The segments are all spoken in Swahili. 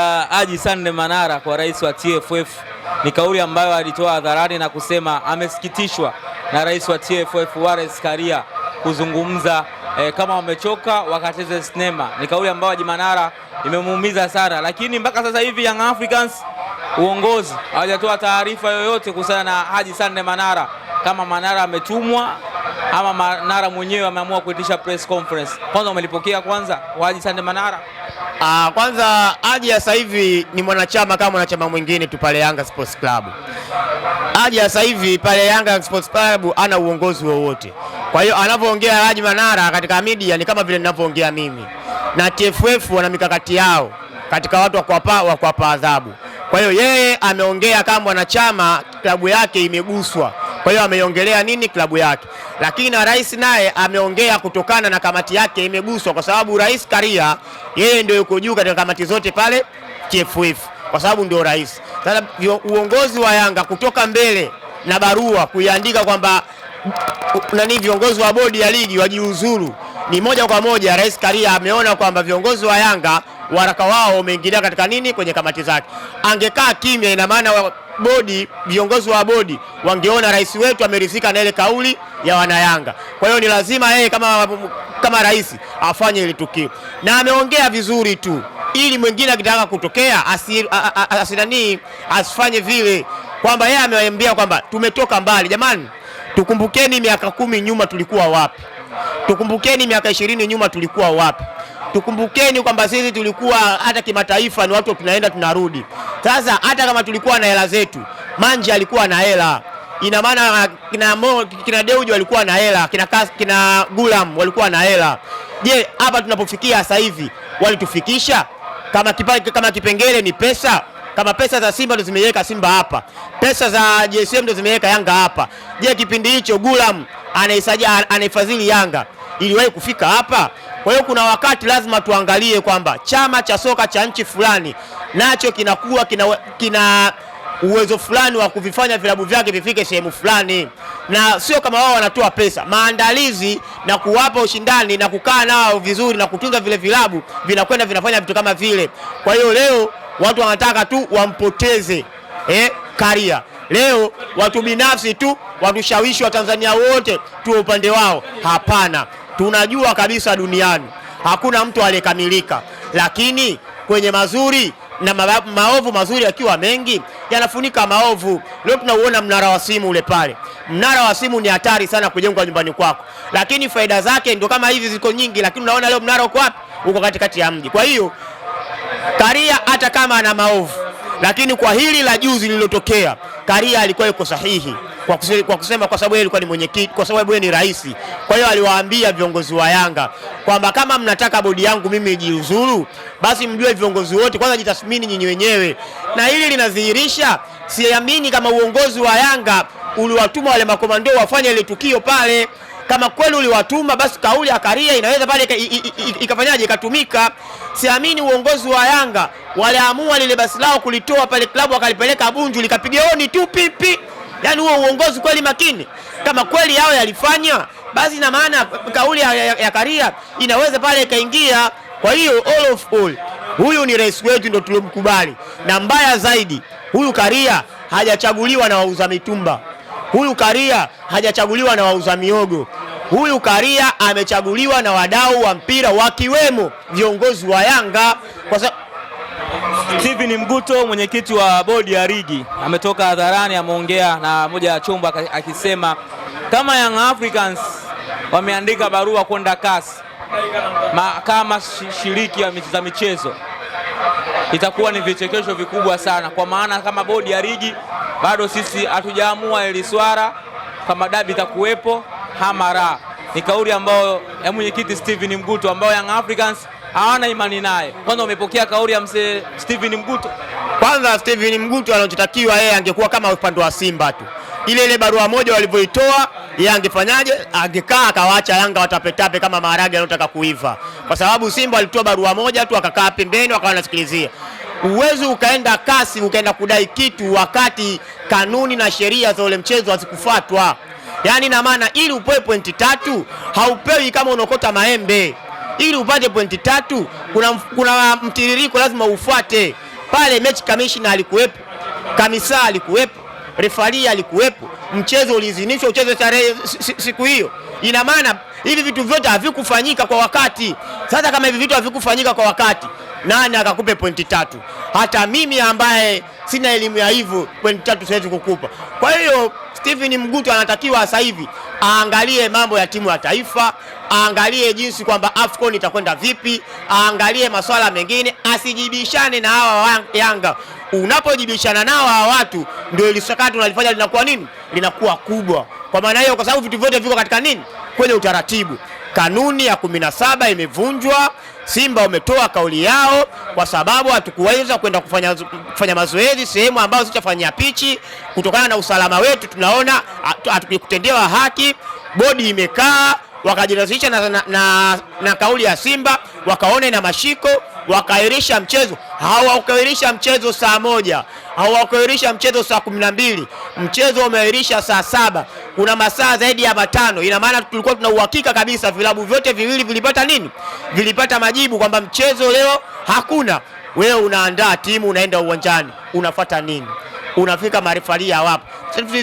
ya Haji Sande Manara kwa rais wa TFF ni kauli ambayo alitoa hadharani na kusema amesikitishwa na rais wa TFF Wallace Karia kuzungumza e, kama wamechoka wakacheze sinema. Ni kauli ambayo Haji Manara imemuumiza sana, lakini mpaka sasa hivi Young Africans uongozi hawajatoa taarifa yoyote kuhusiana na Haji Sande Manara, kama Manara ametumwa ama Manara mwenyewe ameamua kuitisha press conference. Kwanza umelipokea kwanza waji Sande Manara? Ah, kwanza Haji sasa hivi ni mwanachama kama mwanachama mwingine tu pale Yanga Sports Club. Haji sasa hivi pale Yanga Sports Club ana uongozi wowote, kwa hiyo anavyoongea Haji Manara katika media ni kama vile ninavyoongea mimi, na TFF wana mikakati yao katika watu wa kuwapa wa kuwapa adhabu. Kwa hiyo yeye ameongea kama mwanachama, klabu yake imeguswa kwa hiyo ameiongelea nini klabu yake, lakini na rais naye ameongea kutokana na kamati yake imeguswa, kwa sababu rais Karia yeye ndio yuko juu katika kamati zote pale TFF kwa sababu ndio rais. Sasa uongozi wa Yanga kutoka mbele na barua kuiandika kwamba nani viongozi wa bodi ya ligi wajiuzuru, ni moja kwa moja rais Karia ameona kwamba viongozi wa Yanga waraka wao umeingilia katika nini kwenye kamati zake. Angekaa kimya, ina maana bodi, viongozi wa bodi wangeona rais wetu ameridhika na ile kauli ya wanayanga. Kwa hiyo ni lazima yeye kama, kama rais afanye ile tukio, na ameongea vizuri tu, ili mwingine akitaka kutokea asinanii asifanye vile, kwamba yeye amewaambia kwamba tumetoka mbali. Jamani, tukumbukeni miaka kumi nyuma tulikuwa wapi? Tukumbukeni miaka ishirini nyuma tulikuwa wapi? Tukumbukeni kwamba sisi tulikuwa hata kimataifa ni watu tunaenda tunarudi. Sasa hata kama tulikuwa na hela zetu, Manji alikuwa na hela, ina maana kina kina Deuji walikuwa na hela, kina, kina Gulam walikuwa na hela. Je, hapa tunapofikia sasa hivi walitufikisha? Kama, kipa, kama kipengele ni pesa kama pesa za Simba ndo zimeweka Simba hapa, pesa za JSM ndo zimeweka Yanga hapa. Je, kipindi hicho Gulam anaifadhili Yanga iliwahi kufika hapa? Kwa hiyo kuna wakati lazima tuangalie kwamba chama cha soka cha nchi fulani nacho kinakuwa kina, kina uwezo fulani wa kuvifanya vilabu vyake vifike sehemu fulani, na sio kama wao wanatoa pesa. Maandalizi na kuwapa ushindani na kukaa nao vizuri na kutunza vile vilabu vinakwenda vinafanya vitu kama vile. Kwa hiyo leo watu wanataka tu wampoteze eh, Karia. Leo watu binafsi tu watushawishi Watanzania wote tuwe upande wao. Hapana tunajua kabisa duniani hakuna mtu aliyekamilika, lakini kwenye mazuri na maovu, mazuri yakiwa mengi yanafunika maovu. Leo tunauona mnara wa simu ule pale. Mnara wa simu ni hatari sana kujengwa nyumbani kwako, lakini faida zake ndio kama hivi ziko nyingi, lakini unaona leo mnara uko wapi? Uko katikati ya mji. Kwa hiyo Karia hata kama ana maovu, lakini kwa hili la juzi lililotokea, Karia alikuwa yuko sahihi kwa kusema, kwa kusema kwa sababu yeye alikuwa ni mwenyekiti, kwa sababu yeye ni rais. Kwa hiyo aliwaambia viongozi wa Yanga kwamba kama mnataka bodi yangu mimi ijiuzuru, basi mjue viongozi wote kwanza jitathmini nyinyi wenyewe, na hili linadhihirisha, siamini kama uongozi wa Yanga uliwatuma wale makomando wafanye ile tukio pale kama kweli uliwatuma basi kauli ya Karia inaweza pale ikafanyaje ikatumika. Siamini uongozi wa Yanga waliamua lile basi lao kulitoa pale klabu wakalipeleka Bunju likapiga honi tu pipi. Yaani huo uongozi kweli makini, kama kweli yao yalifanya, basi na maana kauli ya, ya, ya Karia inaweza pale ikaingia. Kwa hiyo all of all, huyu ni rais wetu, ndio tuliomkubali, na mbaya zaidi, huyu Karia hajachaguliwa na wauza mitumba, huyu Karia hajachaguliwa na wauza miogo huyu Karia amechaguliwa na wadau wa mpira wakiwemo viongozi wa Yanga kwa Stephen Mguto, mwenyekiti wa bodi ya ligi, ametoka hadharani, ameongea na moja ya chombo akisema kama Young Africans wameandika barua kwenda CAS kama shiriki za michezo, itakuwa ni vichekesho vikubwa sana, kwa maana kama bodi ya ligi bado sisi hatujaamua ili swala, kama dabi itakuwepo hamara. Ni kauli ambayo ya mwenyekiti Steven Mguto ambayo Young Africans hawana imani naye. Kwanza umepokea kauli ya mzee Steven Mguto? Kwanza Steven Mguto anachotakiwa yeye, angekuwa kama upande wa Simba tu, ile ile barua moja walivyoitoa yeye angefanyaje? Angekaa akawaacha Yanga watapetape kama maharage yanayotaka kuiva, kwa sababu Simba walitoa barua moja tu, akakaa pembeni, wakawa nasikilizia. Uwezi ukaenda kasi ukaenda kudai kitu wakati kanuni na sheria za ule mchezo hazikufuatwa. Yaani na maana ili upewe pointi tatu haupewi kama unaokota maembe ili upate pointi tatu, kuna, kuna mtiririko lazima ufuate pale. Mechi kamishna alikuwepo, kamisa alikuwepo, refari alikuwepo, mchezo uliidhinishwa uchezo tarehe siku hiyo. Ina maana hivi vitu vyote havikufanyika kwa wakati. Sasa kama hivi vitu havikufanyika kwa wakati nani akakupe pointi tatu? Hata mimi ambaye sina elimu ya hivyo pointi tatu siwezi kukupa. Kwa hiyo Stephen Mgutu anatakiwa sasa hivi aangalie mambo ya timu ya taifa, aangalie jinsi kwamba AFCON itakwenda vipi, aangalie masuala mengine, asijibishane na hawa Yanga. Unapojibishana nao hawa watu, ndio ile sakata unalifanya linakuwa nini, linakuwa kubwa. Kwa maana hiyo, kwa sababu vitu vyote viko katika nini, kwenye utaratibu kanuni ya kumi na saba imevunjwa. Simba wametoa kauli yao kwa sababu hatukuweza kwenda kufanya, kufanya mazoezi sehemu ambazo zitafanyia pichi kutokana na usalama wetu. Tunaona hatukutendewa haki, bodi imekaa wakajirazisha na, na, na, na kauli ya Simba wakaona na mashiko, wakaahirisha mchezo. Hawakaahirisha mchezo saa moja, hawakaahirisha mchezo saa kumi na mbili, mchezo umeahirisha saa saba kuna masaa zaidi ya matano. Ina maana tulikuwa tuna uhakika kabisa vilabu vyote viwili vilipata nini, vilipata majibu kwamba mchezo leo hakuna. Wewe unaandaa timu, unaenda uwanjani, unafata nini? Unafika marefaria wapo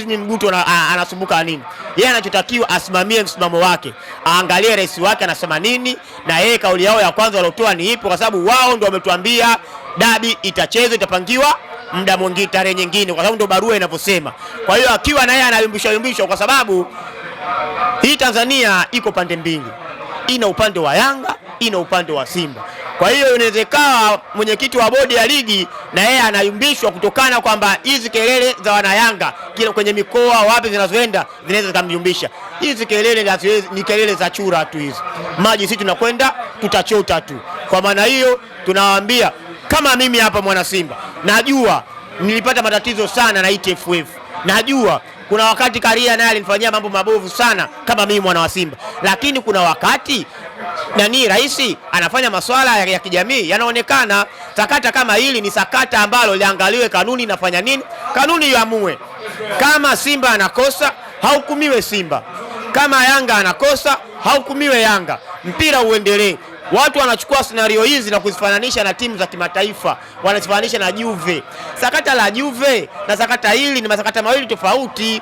ni Mguto anasumbuka nini? Yeye anachotakiwa asimamie msimamo wake, aangalie rais wake anasema nini, na yeye kauli yao ya kwanza waliotoa ni ipo, kwa sababu wao ndio wametuambia dabi itachezwa, itapangiwa muda mwingine, tarehe nyingine, kwa sababu ndio barua inavyosema. Kwa hiyo akiwa na yeye anayumbisha yumbisha, kwa sababu hii Tanzania iko pande mbili, ina upande wa Yanga, ina upande wa Simba. Kwa hiyo inawezekana mwenyekiti wa bodi ya ligi na yeye anayumbishwa kutokana kwamba hizi kelele za wanayanga kile kwenye mikoa wapi zinazoenda zinaweza zikamyumbisha. Hizi kelele ni kelele za chura tu, hizi maji sisi tunakwenda tutachota tu. Kwa maana hiyo tunawaambia kama mimi hapa mwana Simba najua nilipata matatizo sana na e TFF, najua kuna wakati Karia naye alinifanyia mambo mabovu sana kama mimi mwana wa Simba, lakini kuna wakati nani rais anafanya masuala ya kijamii yanaonekana. Sakata kama hili ni sakata ambalo liangaliwe, kanuni inafanya nini, kanuni iamue. Kama Simba anakosa haukumiwe Simba, kama Yanga anakosa haukumiwe Yanga, mpira uendelee. Watu wanachukua scenario hizi na kuzifananisha na timu za kimataifa, wanazifananisha na Juve. Sakata la Juve na sakata hili ni masakata mawili tofauti.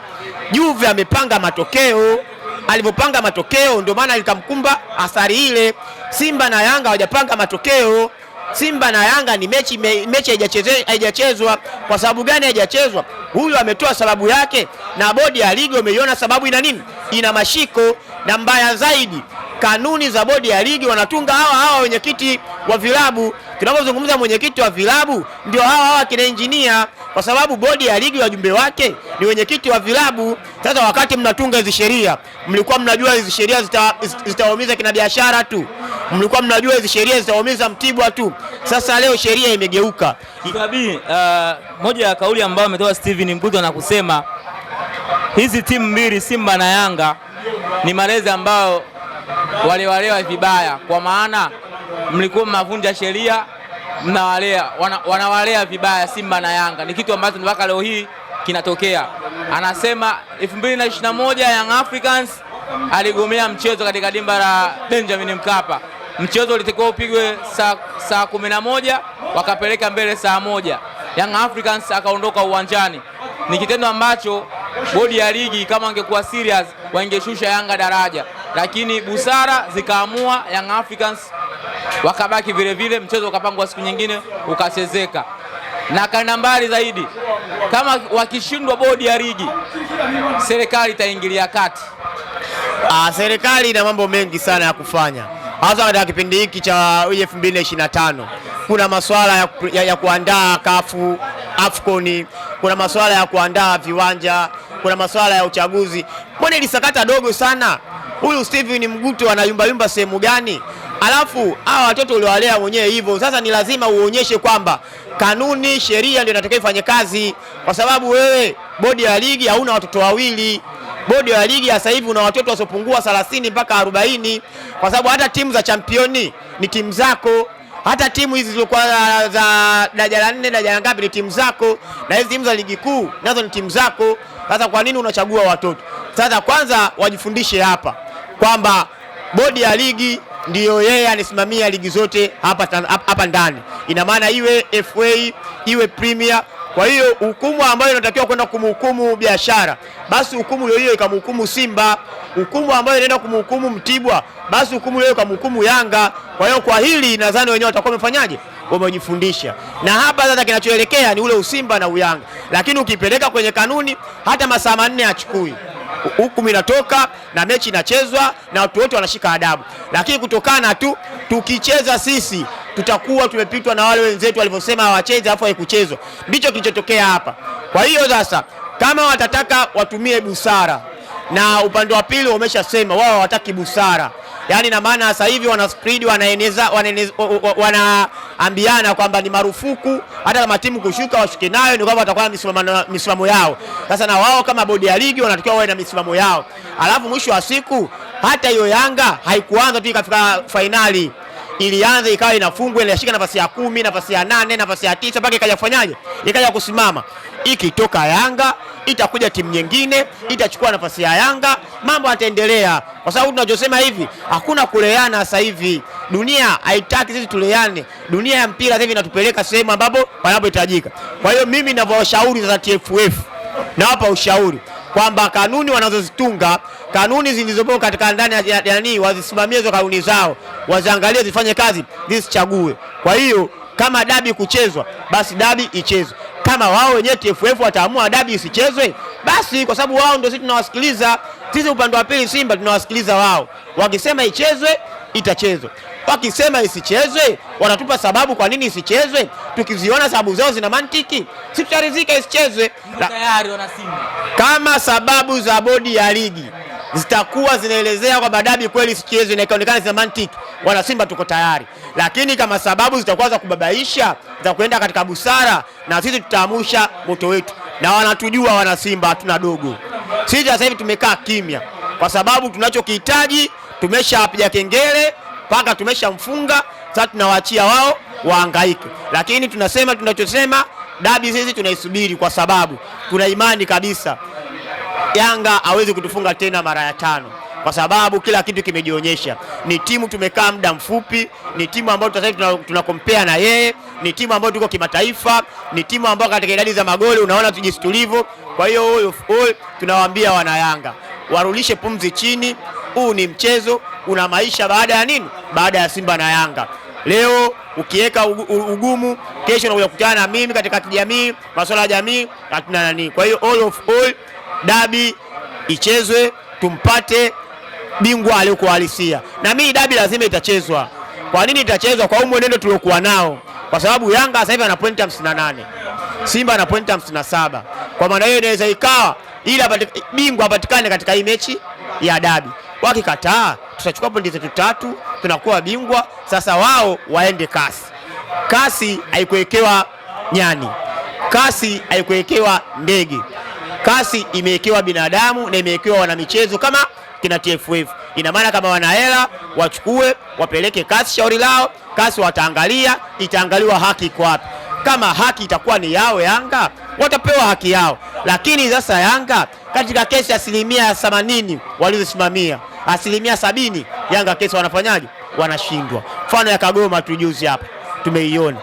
Juve amepanga matokeo, alivyopanga matokeo ndio maana likamkumba athari ile. Simba na Yanga hawajapanga matokeo. Simba na Yanga ni mechi mechi haijachezwa. Kwa sababu gani haijachezwa? Huyu ametoa sababu yake, na bodi ya ligi umeiona sababu ina nini, ina mashiko, na mbaya zaidi kanuni za bodi ya ligi wanatunga hawa hawa wenyekiti wa vilabu. Tunapozungumza mwenyekiti wa vilabu, ndio hawa hawa kina injinia, kwa sababu bodi ya ligi wajumbe wake ni wenyekiti wa vilabu. Sasa wakati mnatunga hizi sheria, mlikuwa mnajua hizi sheria zitawaumiza zita kina biashara tu, mlikuwa mnajua hizi sheria zitawaumiza Mtibwa tu. Sasa leo sheria imegeuka. Kabi, uh, eh, moja ya kauli ambayo ametoa Steven Mguto na kusema hizi timu mbili Simba na Yanga ni malezi ambayo waliwalewa vibaya, kwa maana mlikuwa mnavunja sheria, mnawalea wana, wanawalea vibaya Simba na Yanga. Ni kitu ambacho mpaka leo hii kinatokea. Anasema 2021 Young Africans aligomea mchezo katika dimba la Benjamin Mkapa. Mchezo ulitakiwa upigwe saa saa kumi na moja wakapeleka mbele saa moja. Young Africans akaondoka uwanjani. Ni kitendo ambacho bodi ya ligi kama angekuwa serious wangeshusha Yanga daraja lakini busara zikaamua Young Africans wakabaki vile vile, mchezo ukapangwa siku nyingine ukachezeka. Na kana mbali zaidi, kama wakishindwa bodi ya ligi, serikali itaingilia kati. Ah, serikali ina mambo mengi sana ya kufanya, hasa katika kipindi hiki cha 2025 kuna masuala ya, ya, ya kuandaa kafu Afconi, kuna masuala ya kuandaa viwanja, kuna masuala ya uchaguzi. Mbona ilisakata dogo sana huyu Steven Mguto anayumbayumba sehemu gani? Alafu hawa watoto uliowalea mwenyewe hivyo, sasa ni lazima uonyeshe kwamba kanuni, sheria ndio inatakiwa ifanye kazi, kwa sababu wewe bodi ya ligi hauna watoto wawili. Bodi ya ligi sasa hivi una watoto wasiopungua 30 mpaka 40, kwa sababu hata timu za championi ni timu zako hata timu hizi zilizokuwa za daraja la 4 daraja la ngapi ni timu zako, na hizi timu za ligi kuu nazo ni timu zako. Sasa kwa nini unachagua watoto? Sasa kwanza wajifundishe hapa kwamba bodi ya ligi ndiyo yeye anasimamia ligi zote hapa, hapa ndani, ina maana iwe FA iwe Premier. Kwa hiyo hukumu ambayo inatakiwa kwenda kumhukumu Biashara, basi hukumu hiyo hiyo ikamhukumu Simba. Hukumu ambayo inaenda kumhukumu Mtibwa, basi hukumu hiyo ikamhukumu Yanga. Kwa hiyo kwa hili nadhani wenyewe watakuwa wamefanyaje, wamejifundisha na hapa sasa kinachoelekea ni ule usimba na uyanga, lakini ukipeleka kwenye kanuni hata masaa manne achukui huku natoka na mechi inachezwa na watu wote wanashika adabu, lakini kutokana tu tukicheza sisi tutakuwa tumepitwa na wale wenzetu walivyosema hawacheze alafu haikuchezwa. Ndicho kilichotokea hapa. Kwa hiyo sasa, kama watataka watumie busara, na upande wa pili wameshasema wao hawataki busara, yaani na maana sasa hivi wana spread wanaeneza wana ambiana kwamba ni marufuku hata kama timu kushuka, washuke nayo, ni kwamba watakuwa na misimamo yao. Sasa na wao kama bodi ya ligi wanatakiwa wawe na misimamo yao, alafu mwisho wa siku hata hiyo Yanga haikuanza tu ikafika fainali ilianza ikawa inafungwa inashika nafasi ya kumi, nafasi ya nane, nafasi ya tisa mpaka ikaja kufanyaje, ikaja kusimama. Ikitoka Yanga itakuja timu nyingine itachukua nafasi ya Yanga, mambo yataendelea, kwa sababu tunachosema hivi, hakuna kuleana sasa hivi. Dunia haitaki sisi tuleane, dunia ya mpira sasa hivi inatupeleka sehemu ambapo panapohitajika. Kwa hiyo mimi ninavyowashauri za TFF, nawapa ushauri kwamba kanuni wanazozitunga kanuni zilizopo katika ndani ya jamii wazisimamie hizo kanuni zao, waziangalie zifanye kazi, zisichague. Kwa hiyo kama dabi kuchezwa, basi dabi ichezwe. Kama wao wenyewe TFF wataamua dabi isichezwe, basi kwa sababu wao ndio sisi tunawasikiliza. Sisi upande wa pili Simba tunawasikiliza wao, wakisema ichezwe itachezwa wakisema isichezwe, wanatupa sababu kwa nini isichezwe. Tukiziona sababu zao zina mantiki, si tutaridhika isichezwe tayari. Wana Simba kama sababu za bodi ya ligi zitakuwa zinaelezea kwamba dabi kweli sichezwe na ikaonekana zina mantiki, wana Simba tuko tayari, lakini kama sababu zitakuwa za kubabaisha za kuenda katika busara, na sisi tutaamusha moto wetu, na wanatujua wana Simba hatuna dogo. Sisi sasa hivi tumekaa kimya kwa sababu tunachokihitaji tumeshapiga kengele mpaka tumeshamfunga. Sasa tunawaachia wao waangaike, lakini tunasema tunachosema, dabi sisi tunaisubiri kwa sababu tuna imani kabisa Yanga hawezi kutufunga tena mara ya tano, kwa sababu kila kitu kimejionyesha. Ni timu tumekaa muda mfupi, ni timu ambayo tuna, tuna compare na yeye, ni timu ambayo tuko kimataifa, ni timu ambayo katika idadi za magoli unaona tujisi tulivyo. Kwa hiyo all tunawaambia wana Yanga warudishe pumzi chini, huu ni mchezo, una maisha baada ya nini, baada ya Simba na Yanga. Leo ukiweka ugumu, kesho unakuja kukutana na mimi katika kijamii, masuala ya jamii hatuna nani. Kwa hiyo all of all, dabi ichezwe, tumpate bingwa aliyokuwa halisia. Na mimi dabi lazima itachezwa. Kwa nini itachezwa? Kwa huu mwenendo tuliokuwa nao, kwa sababu Yanga sasa hivi ana pointi 58, Simba ana pointi 57. Kwa maana hiyo inaweza ikawa ili bingwa apatikane katika hii mechi ya dabi. Wakikataa tutachukua pointi zetu tatu, tunakuwa bingwa. Sasa wao waende kasi. Kasi haikuwekewa nyani, kasi haikuwekewa ndege, kasi imewekewa binadamu na imewekewa wanamichezo kama kina TFF. Ina maana kama wanahela wachukue wapeleke kasi, shauri lao. Kasi wataangalia, itaangaliwa haki kwa wapi. Kama haki itakuwa ni yao Yanga watapewa haki yao. Lakini sasa Yanga katika kesi asilimia themanini walizosimamia asilimia sabini Yanga kesi wanafanyaje? Wanashindwa. Mfano ya Kagoma tu juzi hapa tumeiona,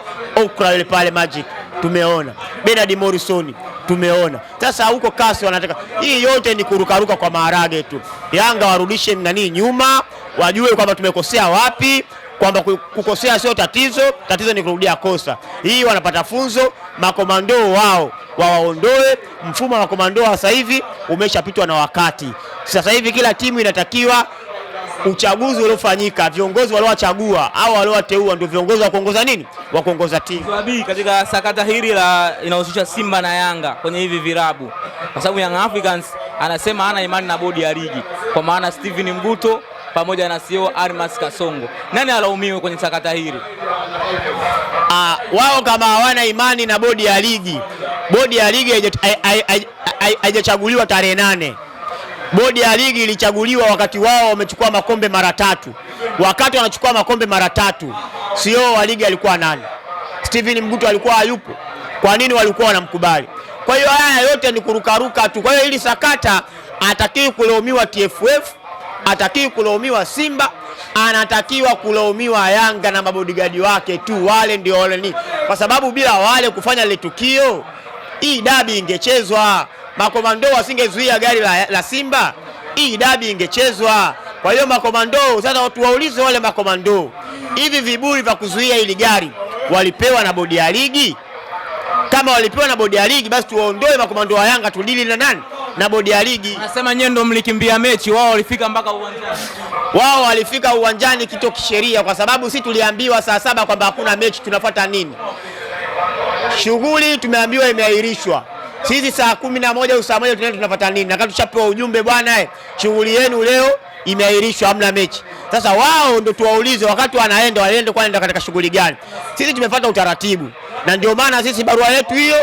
Okra yule pale Magic tumeona, Bernard Morrison tumeona. Sasa huko kasi wanataka hii yote ni kurukaruka kwa maharage tu. Yanga warudishe nani nyuma, wajue kwamba tumekosea wapi, kwamba kukosea sio tatizo, tatizo ni kurudia kosa. Hii wanapata funzo makomando wao wawaondoe. Mfumo wa makomando sasa hivi umeshapitwa na wakati. Sasa hivi kila timu inatakiwa uchaguzi uliofanyika, viongozi waliowachagua au waliowateua ndio viongozi wa kuongoza nini, wa kuongoza timu. Katika sakata hili la inahusisha Simba na Yanga kwenye hivi virabu, kwa sababu Young Africans anasema hana imani na bodi ya ligi, kwa maana Steven Mguto pamoja na CEO Almas Kasongo. Nani alaumiwe kwenye sakata hili? Ah, wao kama hawana imani na bodi ya ligi, bodi ya ligi haijachaguliwa tarehe nane. Bodi ya ligi ilichaguliwa wakati wao wamechukua makombe mara tatu. Wakati wanachukua makombe mara tatu, sio e wa ligi alikuwa nani? Steven Mguto alikuwa hayupo. Kwa nini walikuwa wanamkubali? Kwa hiyo haya yote ni kurukaruka tu. Kwa hiyo hili sakata atakiwi kulaumiwa TFF atakiwi kulaumiwa Simba, anatakiwa kulaumiwa Yanga na mabodigadi wake tu, wale ndio wale ni, kwa sababu bila wale kufanya ile tukio, hii dabi ingechezwa, makomando wasingezuia gari la, la Simba, hii dabi ingechezwa. Kwa hiyo makomando sasa, watu waulize wale makomando, hivi viburi vya kuzuia hili gari walipewa na bodi ya ligi? Kama walipewa na bodi ya ligi, basi tuwaondoe makomando wa Yanga, tudili na nani? na bodi ya ligi. Wanasema nyewe ndio mlikimbia mechi, wao walifika mpaka uwanjani. Wao walifika uwanjani kito kisheria, kwa sababu si tuliambiwa saa saba kwamba hakuna mechi, tunafuata nini? Shughuli tumeambiwa imeahirishwa. Sisi saa kumi na moja au saa moja tunaenda tunafuata nini? Na kama tushapewa ujumbe bwana, eh, shughuli yenu leo imeahirishwa, hamna mechi. Sasa wao ndio tuwaulize, wakati wanaenda wanaenda kwenda katika shughuli gani? Sisi tumefuata utaratibu, na ndio maana sisi barua yetu hiyo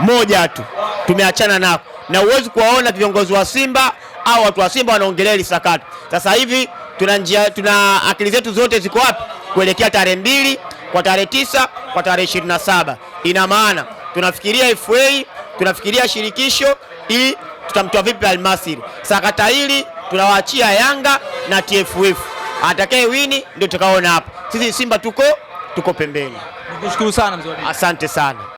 moja tu tumeachana nako na huwezi kuwaona viongozi wa Simba au watu wa Simba wanaongelea hili sakata. Sasa hivi tuna njia, tuna akili zetu zote ziko wapi? Kuelekea tarehe mbili kwa tarehe tisa kwa tarehe ishirini na saba Ina maana tunafikiria FA, tunafikiria shirikisho ili tutamtoa vipi Almasiri. Sakata hili tunawaachia Yanga na TFF, atakaye wini ndio tutakaona hapa. Sisi Simba tuko tuko pembeni. Nikushukuru sana mzee. Asante sana.